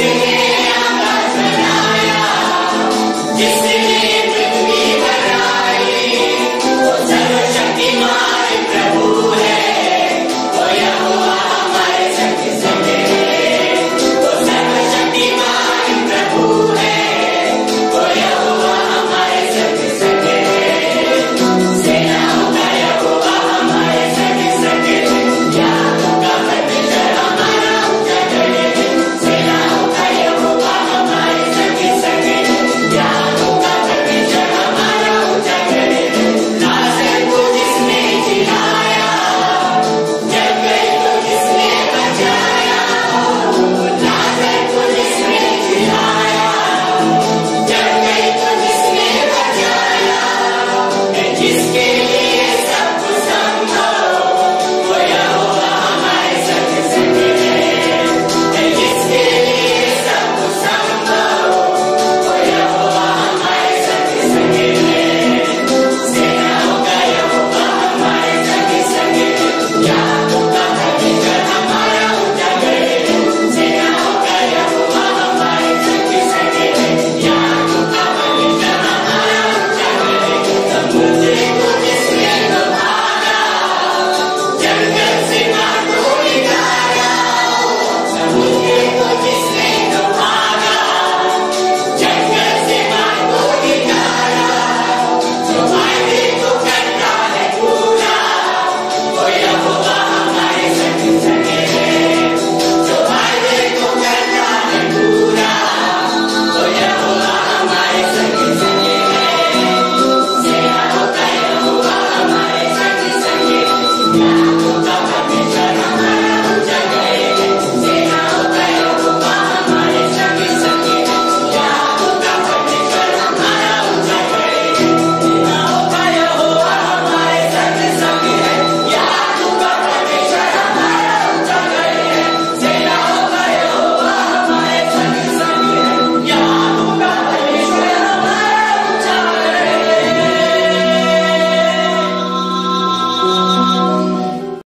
singing.